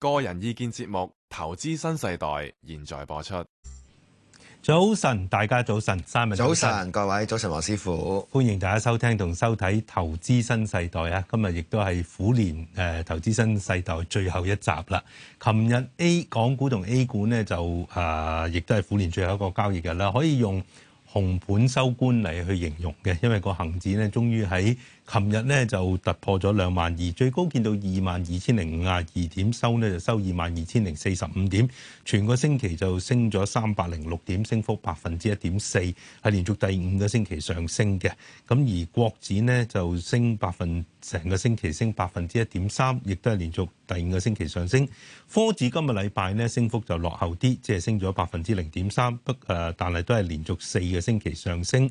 個人意見節目《投資新世代》現在播出。早晨，大家早晨，三位早晨，各位早晨，黃師傅，歡迎大家收聽同收睇《投資新世代》啊！今日亦都係虎年誒，《投資新世代》最後一集啦。琴日 A 港股同 A 股呢，就誒，亦都係虎年最後一個交易日啦，可以用紅盤收官嚟，去形容嘅，因為個恒指呢終於喺。琴日咧就突破咗兩萬二，最高見到二萬二千零五十二點，收呢就收二萬二千零四十五點。全個星期就升咗三百零六點，升幅百分之一點四，係連續第五個星期上升嘅。咁而國指呢就升百分，成個星期升百分之一點三，亦都係連續第五個星期上升。科指今日禮拜呢，升幅就落後啲，即係升咗百分之零點三，不誒，但係都係連續四個星期上升。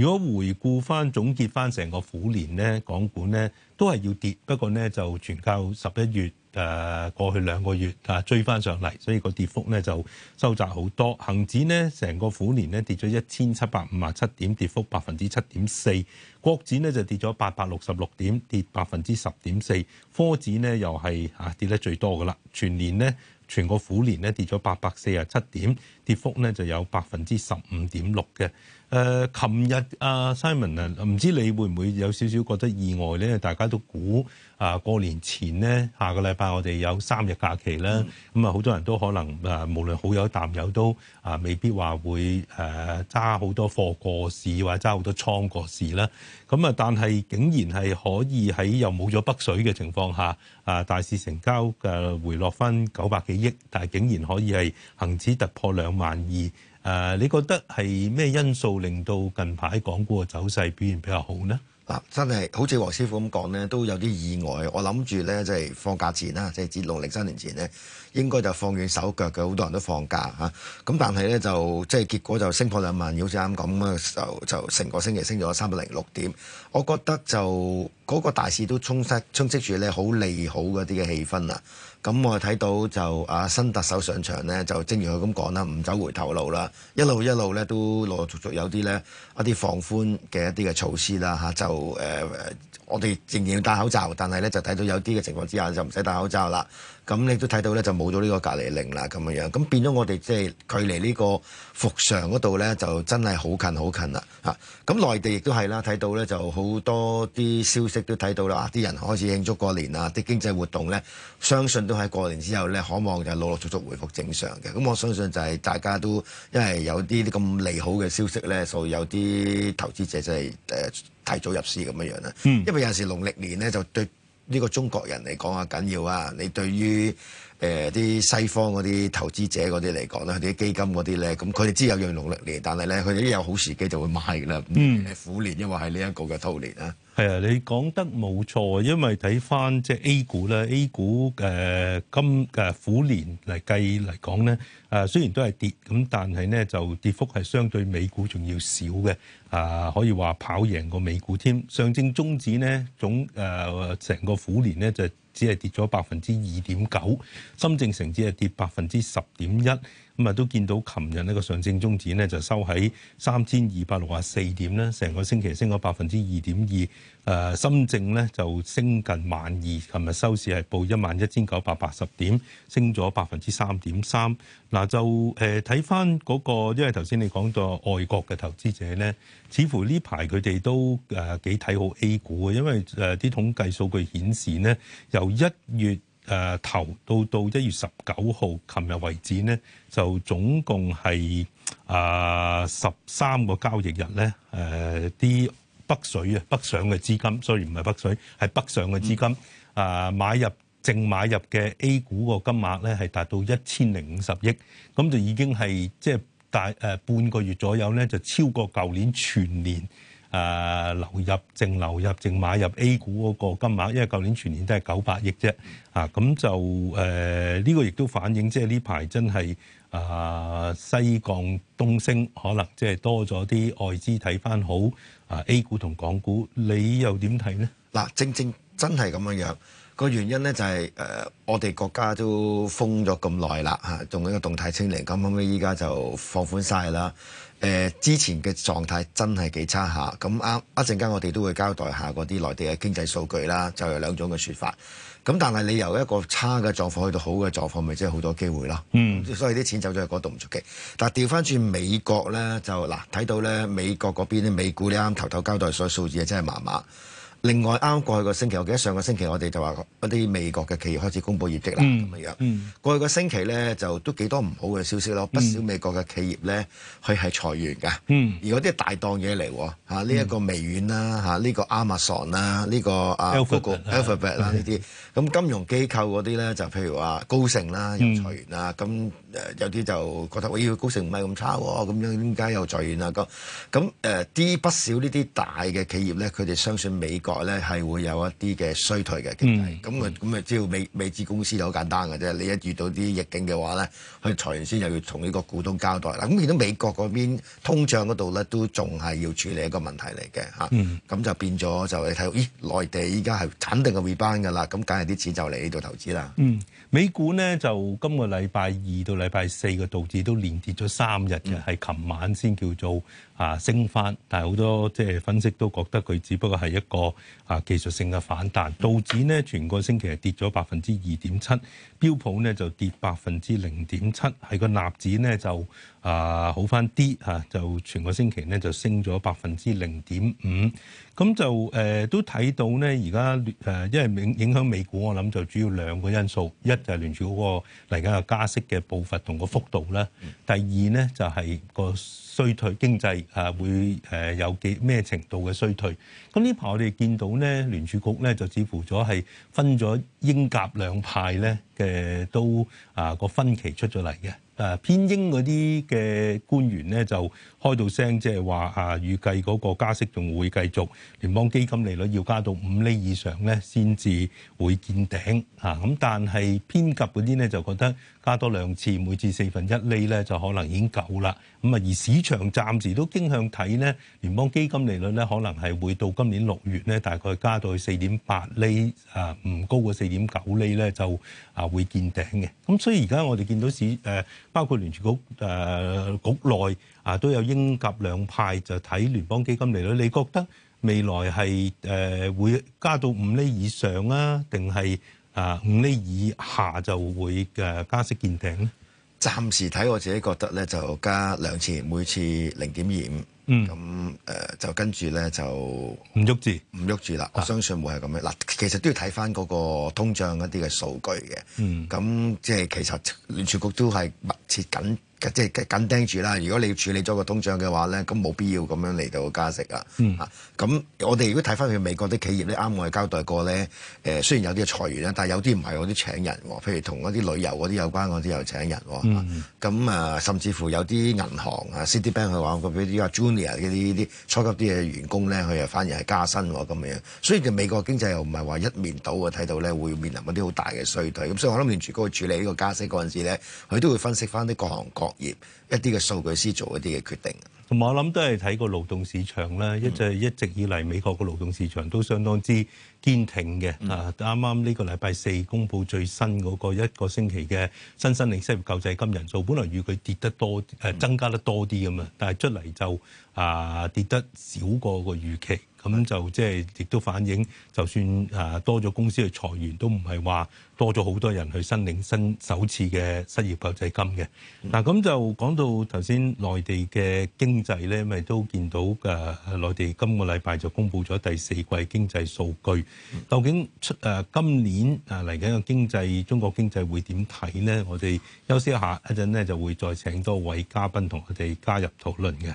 如果回顧翻、總結翻成個虎年咧，港股咧都係要跌，不過咧就全靠十一月。誒過去兩個月啊追翻上嚟，所以個跌幅咧就收窄好多。恆指呢成個虎年呢跌咗一千七百五啊七點，跌幅百分之七點四。國指呢就跌咗八百六十六點，跌百分之十點四。科指呢又係啊跌得最多噶啦。全年呢，全個虎年呢跌咗八百四啊七點，跌幅呢就有百分之十五點六嘅。誒，琴、呃、日啊 Simon 啊，唔知你會唔會有少少覺得意外呢？大家都估啊過年前呢，下個禮拜我哋有三日假期啦，咁啊好多人都可能啊，無論好友淡友都啊，未必話會誒揸好多貨過市，或者揸好多倉過市啦。咁啊，但係竟然係可以喺又冇咗北水嘅情況下，啊大市成交嘅回落翻九百幾億，但係竟然可以係恆指突破兩萬二。誒，你覺得係咩因素令到近排港股嘅走勢表現比較好呢？真係好似黃師傅咁講呢，都有啲意外。我諗住呢，即、就、係、是、放假前啦，即係至六零三年前呢，應該就放軟手腳嘅。好多人都放假嚇，咁、啊、但係呢，就即係結果就升破兩萬。好似啱講咁，就就成個星期升咗三百零六點。我覺得就嗰、那個大市都充斥充斥住呢好利好嗰啲嘅氣氛啊！咁我睇到就啊新特首上場咧，就正如佢咁講啦，唔走回頭路啦，一路一路咧都陸陸續續有啲咧一啲放寬嘅一啲嘅措施啦吓，就誒、呃、我哋仍然要戴口罩，但係咧就睇到有啲嘅情況之下就唔使戴口罩啦。咁你都睇到咧，就冇咗呢個隔離令啦，咁樣樣，咁變咗我哋即係距離呢個復常嗰度咧，就真係好近好近啦嚇！咁內地亦都係啦，睇到咧就好多啲消息都睇到啦，啲、啊、人開始慶祝過年啊，啲經濟活動咧，相信都喺過年之後咧，可望就陸陸續續回復正常嘅。咁我相信就係大家都因為有啲啲咁利好嘅消息咧，所以有啲投資者真係誒提早入市咁樣樣啦。因為有陣時農曆年咧就對。呢個中國人嚟講啊緊要啊！你對於誒啲西方嗰啲投資者嗰啲嚟講咧，佢啲基金嗰啲咧，咁佢哋知有樣農曆年，但係咧佢哋一有好時機就會買㗎啦，嗯、苦年，因為係呢一個嘅兔年。啊。係啊，你講得冇錯，因為睇返即係 A 股啦，A 股嘅今嘅虎年嚟計嚟講咧，啊雖然都係跌咁，但係咧就跌幅係相對美股仲要少嘅，啊可以話跑贏個美股添。上證綜指咧總誒成個虎年咧就。只係跌咗百分之二點九，深證成指係跌百分之十點一，咁啊都見到琴日呢個上證綜指呢，就收喺三千二百六十四點咧，成個星期升咗百分之二點二。誒、啊、深證咧就升近萬二，琴日收市係報一萬一千九百八十點，升咗百分之三點三。嗱就誒睇翻嗰個，因為頭先你講到外國嘅投資者咧，似乎呢排佢哋都誒幾睇好 A 股嘅，因為誒啲、呃、統計數據顯示咧，由一月誒頭、呃、到到一月十九號，琴日為止咧，就總共係誒十三個交易日咧，誒、呃、啲。北水啊，北上嘅資金，雖然唔係北水，係北上嘅資金，啊、呃，買入淨買入嘅 A 股個金額咧係達到一千零五十億，咁就已經係即係大誒、呃、半個月左右咧，就超過舊年全年啊、呃、流入淨流入淨買入 A 股嗰個金額，因為舊年全年都係九百億啫，啊，咁就誒呢、呃呢個亦都反映即係呢排真係。啊，西降東升，可能即係多咗啲外資睇翻好啊，A 股同港股，你又點睇呢？嗱，正正真係咁樣樣。個原因咧就係誒，我哋國家都封咗咁耐啦，吓，仲一個動態清零，咁後尾依家就放寬晒啦。誒，之前嘅狀態真係幾差下，咁啱一陣間我哋都會交代下嗰啲內地嘅經濟數據啦，就有兩種嘅說法。咁但係你由一個差嘅狀況去到好嘅狀況，咪真係好多機會咯。嗯，所以啲錢走咗去嗰度唔出奇。但係調翻轉美國咧，就嗱睇到咧美國嗰邊，美股你啱頭頭交代所以數字啊，真係麻麻。另外啱啱過去個星期，我記得上個星期我哋就話一啲美國嘅企業開始公布業績啦，咁樣樣。過去個星期咧，就都幾多唔好嘅消息咯。不少美國嘅企業咧，佢係裁員嘅。嗯，而嗰啲大檔嘢嚟喎，呢一個微軟啦，嚇呢個 Amazon 啦，呢個啊 Google、Alphabet 啦呢啲。咁金融機構嗰啲咧，就譬如話高盛啦，又裁員啦。咁誒有啲就覺得喂，要高盛唔係咁差喎，咁樣點解又裁員啊？咁咁誒啲不少呢啲大嘅企業咧，佢哋相信美國。咧係會有一啲嘅衰退嘅經濟，咁啊咁啊，只要美美資公司就好簡單嘅啫。嗯嗯、你一遇到啲逆境嘅話咧，佢裁員先又要同呢個股東交代。嗱，咁見到美國嗰邊通脹嗰度咧，都仲係要處理一個問題嚟嘅嚇。咁、嗯、就變咗就你睇，咦？內地依家係肯定嘅 rebound 嘅啦，咁梗係啲錢就嚟呢度投資啦。嗯，美股咧就今個禮拜二到禮拜四嘅道指都連跌咗三日嘅，係琴、嗯、晚先叫做啊升翻，但係好多即係分析都覺得佢只不過係一個。啊，技術性嘅反彈，道指咧全個星期係跌咗百分之二點七，標普咧就跌百分之零點七，係個納指咧就啊好返啲吓，就全個星期咧就升咗百分之零點五，咁就誒、呃、都睇到咧而家誒，因為影影響美股，我諗就主要兩個因素，一就係聯儲嗰個嚟緊嘅加息嘅步伐同個幅度啦，第二咧就係個衰退經濟啊會誒有幾咩程度嘅衰退，咁呢排我哋見。見到咧，聯儲局咧就似乎咗係分咗鷹鴿兩派咧嘅都啊個分歧出咗嚟嘅。誒偏鷹嗰啲嘅官員咧，就開到聲，即係話啊，預計嗰個加息仲會繼續，聯邦基金利率要加到五厘以上咧，先至會見頂嚇。咁但係偏鴿嗰啲咧，就覺得加多兩次，每次四分一厘咧，就可能已經夠啦。咁啊，而市場暫時都傾向睇咧，聯邦基金利率咧，可能係會到今年六月咧，大概加到去四點八厘啊，唔高過四點九厘咧，就啊會見頂嘅。咁所以而家我哋見到市誒。包括聯儲局誒局內啊，都有鷹鴿兩派，就睇聯邦基金利率。你覺得未來係誒會加到五厘以上啊，定係啊五厘以下就會誒加息見頂咧？暫時睇我自己覺得咧，就加兩次，每次零點二五。嗯，咁、呃、就跟住咧就唔喐住，唔喐住啦。我相信會係咁樣嗱，啊、其實都要睇翻嗰個通脹一啲嘅數據嘅。嗯，咁即係其實聯儲局都係密切緊。即係緊盯住啦，如果你處理咗個通脹嘅話咧，咁冇必要咁樣嚟到加息、嗯、啊嚇。咁我哋如果睇翻去美國啲企業咧，啱我哋交代過咧，誒、呃、雖然有啲裁員啦，但係有啲唔係，有啲請人喎。譬如同嗰啲旅遊嗰啲有關嗰啲又請人喎。咁啊、嗯、啊，甚至乎有啲銀行啊，Citibank 佢話，佢啲 Junior 啲啲初級啲嘅員工咧，佢又反而係加薪喎咁樣。所以就美國經濟又唔係話一面倒啊，睇到咧會面臨一啲好大嘅衰退。咁、啊、所以我諗連住嗰個處理呢個加息嗰陣時咧，佢都會分析翻啲各行各業一啲嘅數據先做一啲嘅決定，同埋我諗都係睇個勞動市場啦。一就一直以嚟美國個勞動市場都相當之堅挺嘅。嗯、啊，啱啱呢個禮拜四公布最新嗰個一個星期嘅新申請失業救濟金人數，本來預佢跌得多誒、呃、增加得多啲咁啊，但係出嚟就啊跌得少過個預期。咁就即係亦都反映，就算誒多咗公司嘅裁員，都唔係話多咗好多人去申領新首次嘅失業救濟金嘅。嗱，咁就講到頭先內地嘅經濟咧，咪都見到誒內地今個禮拜就公布咗第四季經濟數據。究竟出誒今年誒嚟緊嘅經濟，中國經濟會點睇咧？我哋休息一下，一陣咧就會再請多位嘉賓同我哋加入討論嘅。